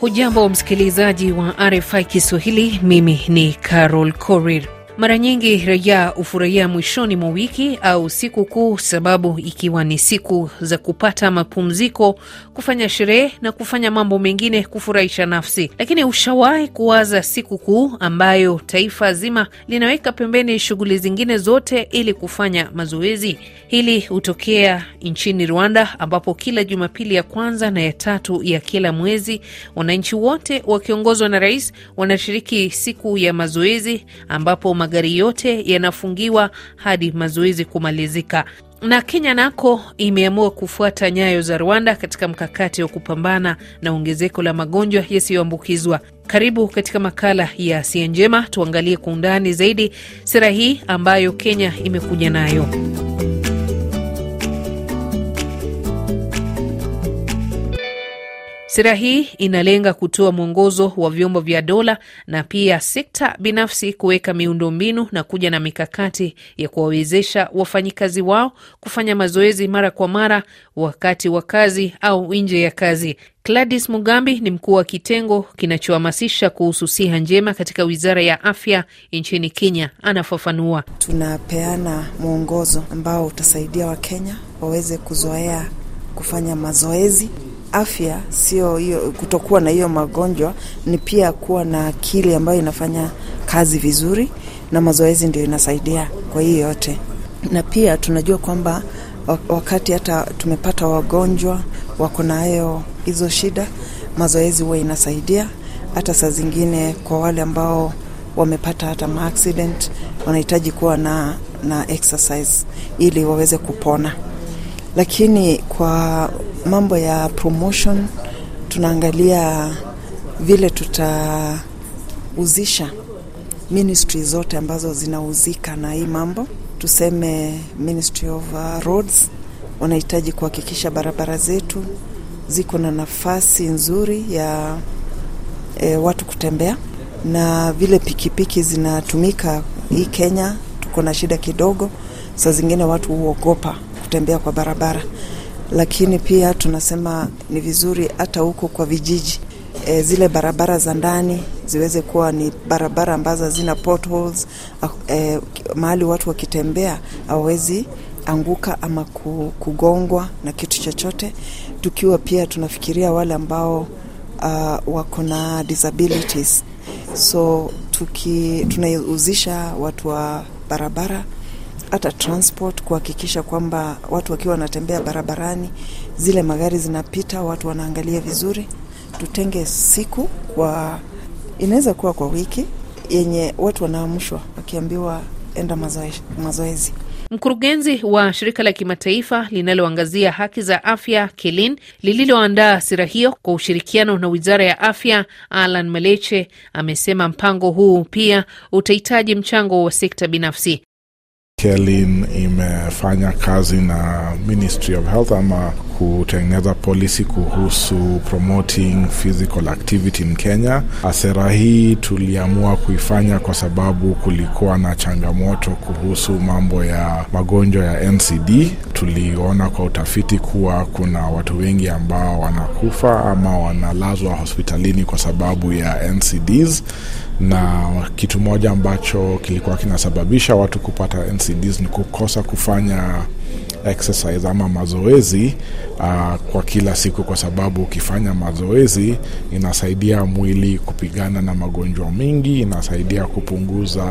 Hujambo msikilizaji wa RFI Kiswahili, mimi ni Carol Korir. Mara nyingi raia hufurahia mwishoni mwa wiki au siku kuu, sababu ikiwa ni siku za kupata mapumziko, kufanya sherehe na kufanya mambo mengine kufurahisha nafsi. Lakini ushawahi kuwaza siku kuu ambayo taifa zima linaweka pembeni shughuli zingine zote ili kufanya mazoezi? Hili hutokea nchini Rwanda, ambapo kila Jumapili ya kwanza na ya tatu ya kila mwezi wananchi wote wakiongozwa na rais wanashiriki siku ya mazoezi ambapo magari yote yanafungiwa hadi mazoezi kumalizika. Na Kenya nako imeamua kufuata nyayo za Rwanda katika mkakati wa kupambana na ongezeko la magonjwa yasiyoambukizwa. Karibu katika makala ya sia Njema, tuangalie kwa undani zaidi sera hii ambayo Kenya imekuja nayo. Sera hii inalenga kutoa mwongozo wa vyombo vya dola na pia sekta binafsi kuweka miundombinu na kuja na mikakati ya kuwawezesha wafanyikazi wao kufanya mazoezi mara kwa mara wakati wa kazi au nje ya kazi. Gladys Mugambi ni mkuu wa kitengo kinachohamasisha kuhusu siha njema katika Wizara ya Afya nchini Kenya. Anafafanua. Tunapeana mwongozo ambao utasaidia Wakenya waweze kuzoea kufanya mazoezi afya sio hiyo, kutokuwa na hiyo magonjwa ni pia kuwa na akili ambayo inafanya kazi vizuri, na mazoezi ndio inasaidia kwa hii yote. Na pia tunajua kwamba wakati hata tumepata wagonjwa wako na hayo hizo shida, mazoezi huwa inasaidia. Hata saa zingine kwa wale ambao wamepata hata maaccident wanahitaji kuwa na, na exercise ili waweze kupona lakini kwa mambo ya promotion tunaangalia vile tutauzisha ministry zote ambazo zinauzika na hii mambo. Tuseme ministry of uh, roads wanahitaji kuhakikisha barabara zetu ziko na nafasi nzuri ya e, watu kutembea na vile pikipiki zinatumika. Hii Kenya tuko na shida kidogo, saa zingine watu huogopa kutembea kwa barabara, lakini pia tunasema ni vizuri hata huko kwa vijiji e, zile barabara za ndani ziweze kuwa ni barabara ambazo hazina potholes e, mahali watu wakitembea hawawezi anguka ama kugongwa na kitu chochote, tukiwa pia tunafikiria wale ambao uh, wako na disabilities so tuki, tunaihuzisha watu wa barabara hata transport kuhakikisha kwamba watu wakiwa wanatembea barabarani, zile magari zinapita, watu wanaangalia vizuri. Tutenge siku kwa, inaweza kuwa kwa wiki yenye watu wanaamshwa wakiambiwa enda mazoezi, mazoezi. Mkurugenzi wa shirika la kimataifa linaloangazia haki za afya KELIN lililoandaa sira hiyo kwa ushirikiano na wizara ya afya, Alan maleche amesema mpango huu pia utahitaji mchango wa sekta binafsi. KELIN imefanya kazi na Ministry of Health ama kutengeneza policy kuhusu promoting physical activity in Kenya. Ah, sera hii tuliamua kuifanya kwa sababu kulikuwa na changamoto kuhusu mambo ya magonjwa ya NCD. Tuliona kwa utafiti kuwa kuna watu wengi ambao wanakufa ama wanalazwa hospitalini kwa sababu ya NCDs na kitu moja ambacho kilikuwa kinasababisha watu kupata NCDs ni kukosa kufanya exercise ama mazoezi uh, kwa kila siku, kwa sababu ukifanya mazoezi inasaidia mwili kupigana na magonjwa mengi, inasaidia kupunguza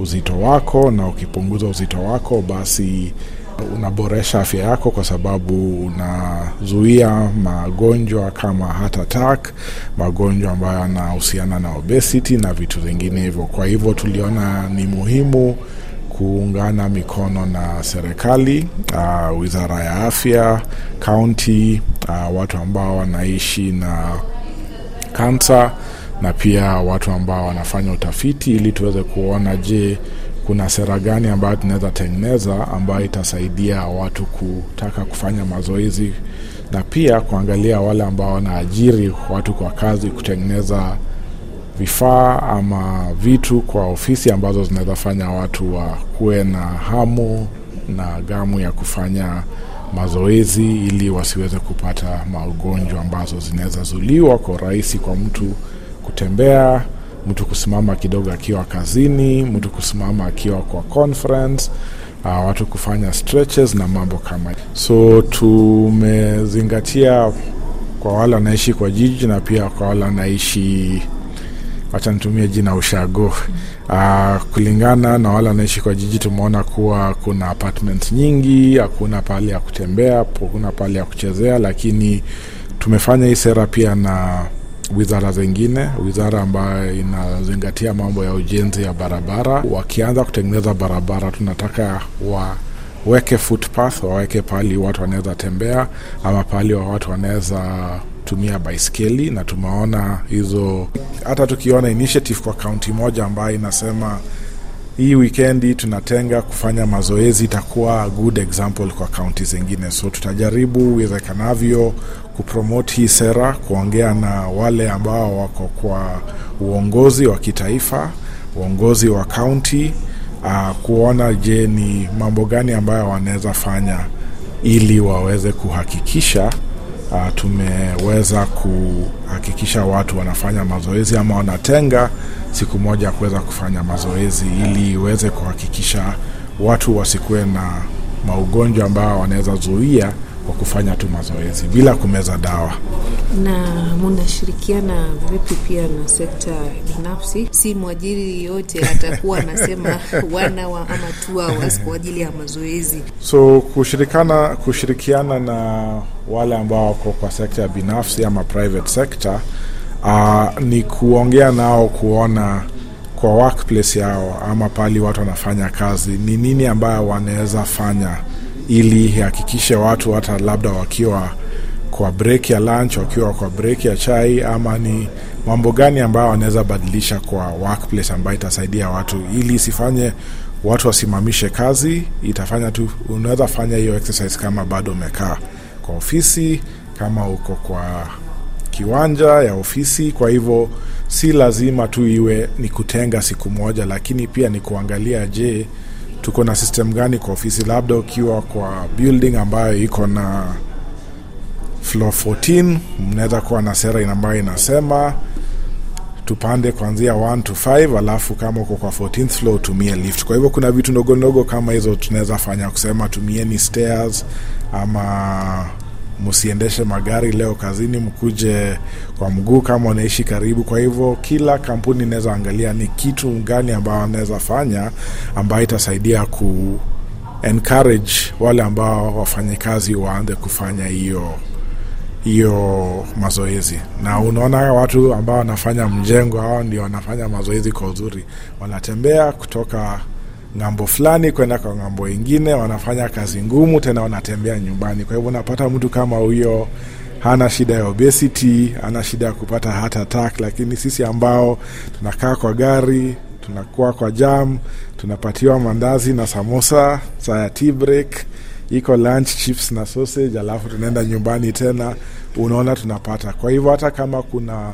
uzito wako, na ukipunguza uzito wako basi unaboresha afya yako kwa sababu unazuia magonjwa kama heart attack, magonjwa ambayo yanahusiana na obesity na vitu vingine hivyo. Kwa hivyo tuliona ni muhimu kuungana mikono na serikali uh, wizara ya afya, kaunti uh, watu ambao wanaishi na kansa na pia watu ambao wanafanya utafiti ili tuweze kuona je, kuna sera gani ambayo tunaweza tengeneza ambayo itasaidia watu kutaka kufanya mazoezi na pia kuangalia wale ambao wanaajiri watu kwa kazi kutengeneza vifaa ama vitu kwa ofisi ambazo zinaweza fanya watu wakuwe na hamu na gamu ya kufanya mazoezi ili wasiweze kupata magonjwa ambazo zinaweza zuliwa kwa urahisi kwa mtu kutembea, mtu kusimama kidogo akiwa kazini, mtu kusimama akiwa kwa conference, uh, watu kufanya stretches na mambo kama so. Tumezingatia kwa wale wanaishi kwa jiji na pia kwa wale wanaishi wacha nitumie jina ushago. Uh, kulingana na wale wanaishi kwa jiji, tumeona kuwa kuna apartment nyingi, hakuna pahali ya kutembea, hakuna pahali ya kuchezea, lakini tumefanya hii sera pia na wizara zingine, wizara ambayo inazingatia mambo ya ujenzi ya barabara. Wakianza kutengeneza barabara, tunataka waweke waweke pahali watu wanaweza tembea ama pahali wa watu wanaweza kutumia baiskeli, na tumeona hizo, hata tukiona initiative kwa kaunti moja ambayo inasema hii wikendi tunatenga kufanya mazoezi, itakuwa good example kwa kaunti zingine. So tutajaribu uwezekanavyo kupromote hii sera, kuongea na wale ambao wako kwa uongozi wa kitaifa, uongozi wa kaunti, uh, kuona je, ni mambo gani ambayo wanaweza fanya ili waweze kuhakikisha uh, tumeweza kuhakikisha watu wanafanya mazoezi ama wanatenga siku moja kuweza kufanya mazoezi ili iweze kuhakikisha watu wasikuwe na maugonjwa ambayo wanaweza zuia kwa kufanya tu mazoezi bila kumeza dawa. Na mnashirikiana vipi pia na sekta binafsi? Si mwajiri yote atakuwa anasema wana wa ama tu kwa ajili ya mazoezi. So kushirikana, kushirikiana na wale ambao wako kwa sekta ya binafsi ama private sector uh, ni kuongea nao kuona kwa workplace yao ama pali watu wanafanya kazi ni nini ambayo wanaweza fanya ili hakikishe watu hata labda wakiwa kwa break ya lunch, wakiwa kwa break ya chai, ama ni mambo gani ambayo wanaweza badilisha kwa workplace ambayo itasaidia watu, ili isifanye watu wasimamishe kazi. Itafanya tu unaweza fanya hiyo exercise kama bado umekaa kwa ofisi, kama uko kwa kiwanja ya ofisi. Kwa hivyo si lazima tu iwe ni kutenga siku moja, lakini pia ni kuangalia, je tuko na system gani kwa ofisi, labda ukiwa kwa building ambayo iko na floor 14 mnaweza kuwa na sera ambayo inasema tupande kuanzia 1 to 5, alafu kama uko kwa 14th floor utumie lift. Kwa hivyo kuna vitu ndogo ndogo kama hizo tunaweza fanya kusema tumieni stairs ama msiendeshe magari leo kazini, mkuje kwa mguu kama unaishi karibu. Kwa hivyo kila kampuni inaweza angalia ni kitu gani ambayo anaweza fanya ambayo itasaidia ku encourage wale ambao wafanyikazi waanze kufanya hiyo hiyo mazoezi. Na unaona watu ambao wanafanya mjengo, hao ndio wanafanya mazoezi kwa uzuri, wanatembea kutoka ng'ambo fulani kwenda kwa ng'ambo ingine, wanafanya kazi ngumu, tena wanatembea nyumbani. Kwa hivyo unapata mtu kama huyo hana shida ya obesity, hana shida ya kupata heart attack, lakini sisi ambao tunakaa kwa gari tunakuwa kwa jam, tunapatiwa mandazi na samosa saa ya tea break, iko lunch chips na sausage, alafu tunaenda nyumbani tena, unaona tunapata. Kwa hivyo hata kama kuna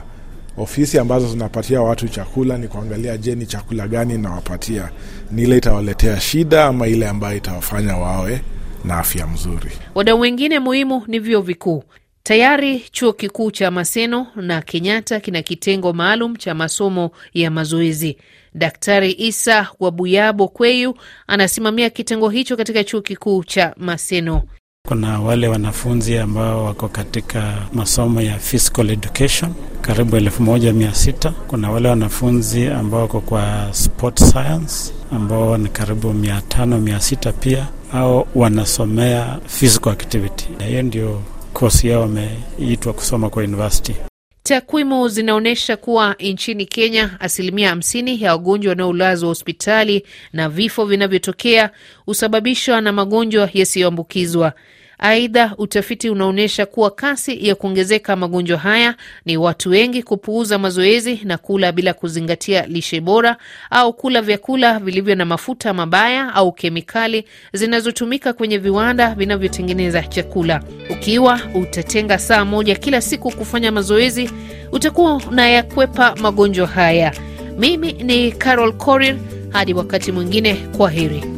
ofisi ambazo zinapatia watu chakula ni kuangalia, je, ni chakula gani nawapatia? Ni ile itawaletea shida ama ile ambayo itawafanya wawe na afya mzuri? Wadau wengine muhimu ni vyo vikuu. Tayari chuo kikuu cha Maseno na Kenyatta kina kitengo maalum cha masomo ya mazoezi. Daktari Isa Wabuyabo Kweyu anasimamia kitengo hicho katika chuo kikuu cha Maseno. Kuna wale wanafunzi ambao wako katika masomo ya physical education karibu elfu moja mia sita. Kuna wale wanafunzi ambao wako kwa sport science ambao ni karibu mia tano mia sita pia, au wanasomea physical activity. Hiyo ndio kosi yao wameitwa kusoma kwa university. Takwimu zinaonyesha kuwa nchini Kenya asilimia hamsini ya wagonjwa wanaolazwa hospitali na vifo vinavyotokea husababishwa na magonjwa yasiyoambukizwa. Aidha, utafiti unaonyesha kuwa kasi ya kuongezeka magonjwa haya ni watu wengi kupuuza mazoezi na kula bila kuzingatia lishe bora au kula vyakula vilivyo na mafuta mabaya au kemikali zinazotumika kwenye viwanda vinavyotengeneza chakula. Ukiwa utatenga saa moja kila siku kufanya mazoezi, utakuwa unayakwepa magonjwa haya. Mimi ni Carol Corin, hadi wakati mwingine, kwa heri.